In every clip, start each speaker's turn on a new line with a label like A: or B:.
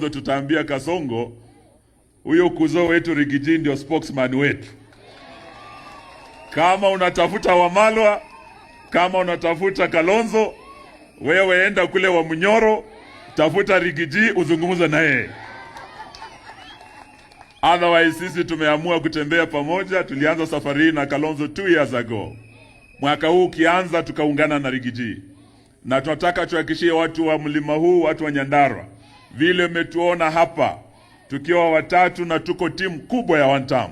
A: Tutaambia Kasongo huyo kuzo wetu Rigiji ndio spokesman wetu. Kama unatafuta Wamalwa, kama unatafuta Kalonzo, wewe enda kule wa Munyoro, tafuta Rigiji uzungumze na yeye. Otherwise sisi tumeamua kutembea pamoja. Tulianza safari na Kalonzo two years ago, mwaka huu ukianza tukaungana na Rigiji, na tunataka tuhakikishie watu wa mlima huu, watu wa Nyandarua vile umetuona hapa tukiwa watatu na tuko timu kubwa ya wantam.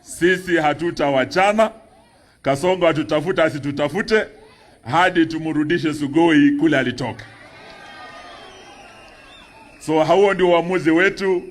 A: Sisi hatutawachana, Kasongo atutafuta asitutafute hadi tumrudishe Sugoi kule alitoka. So hauo ndio uamuzi wetu.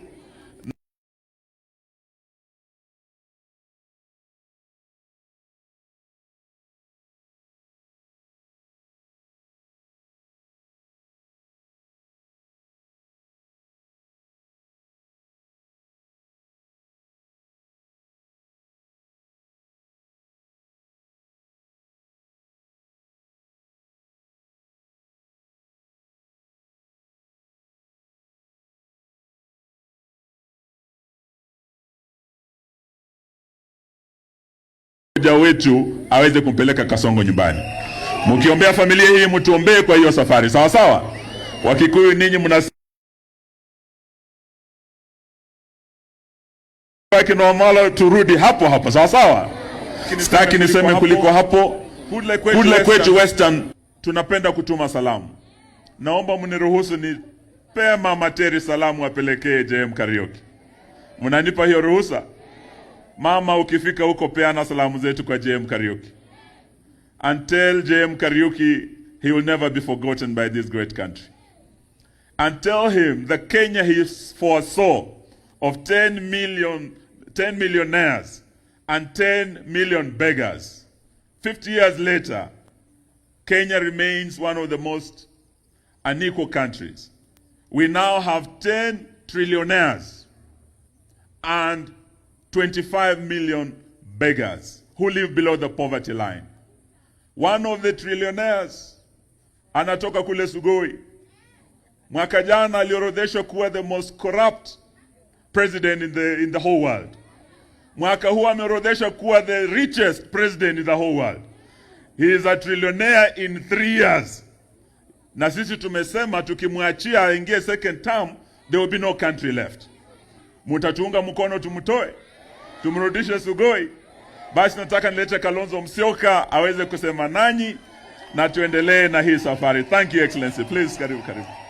A: Mmoja wetu aweze kumpeleka Kasongo nyumbani. Mkiombea familia hii, mtuombee kwa hiyo safari, sawa sawa. Wakikuyu ninyi mna Kinomala, turudi hapo hapo, sawa sawa. Sitaki niseme kuliko hapo.
B: Kule kwetu, kule kwetu Western tunapenda kutuma salamu. Naomba mniruhusu nipee Mama Teri salamu apelekee JM Karaoke. Mnanipa hiyo ruhusa? Mama, ukifika huko peana salamu zetu kwa JM Kariuki and tell JM Kariuki he will never be forgotten by this great country and tell him the Kenya he foresaw of 10 million 10 millionaires and 10 million beggars 50 years later Kenya remains one of the most unequal countries we now have 10 trillionaires and 25 million beggars who live below the poverty line. One of the trillionaires anatoka kule Sugoi. Mwaka jana aliorodheshwa kuwa the most corrupt president in the, in the whole world. Mwaka huu ameorodheshwa kuwa the richest president in the whole world. He is a trillionaire in three years. Na sisi tumesema tukimwachia aingie second term there will be no country left. Mutatuunga mkono tumtoe? tumrudishe Sugoi. Basi nataka nilete Kalonzo Musyoka aweze kusema nanyi na tuendelee na hii safari. Thank you excellency. Please, karibu karibu.